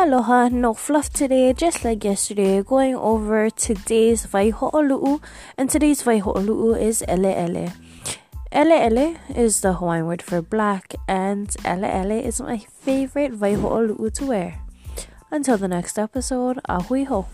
Aloha, no fluff today, just like yesterday, going over today's Vaiho'olu'u, and today's Vaiho'olu'u is Ele ele is the Hawaiian word for black, and ele is my favorite Vaiho'olu'u to wear. Until the next episode, ahui ho.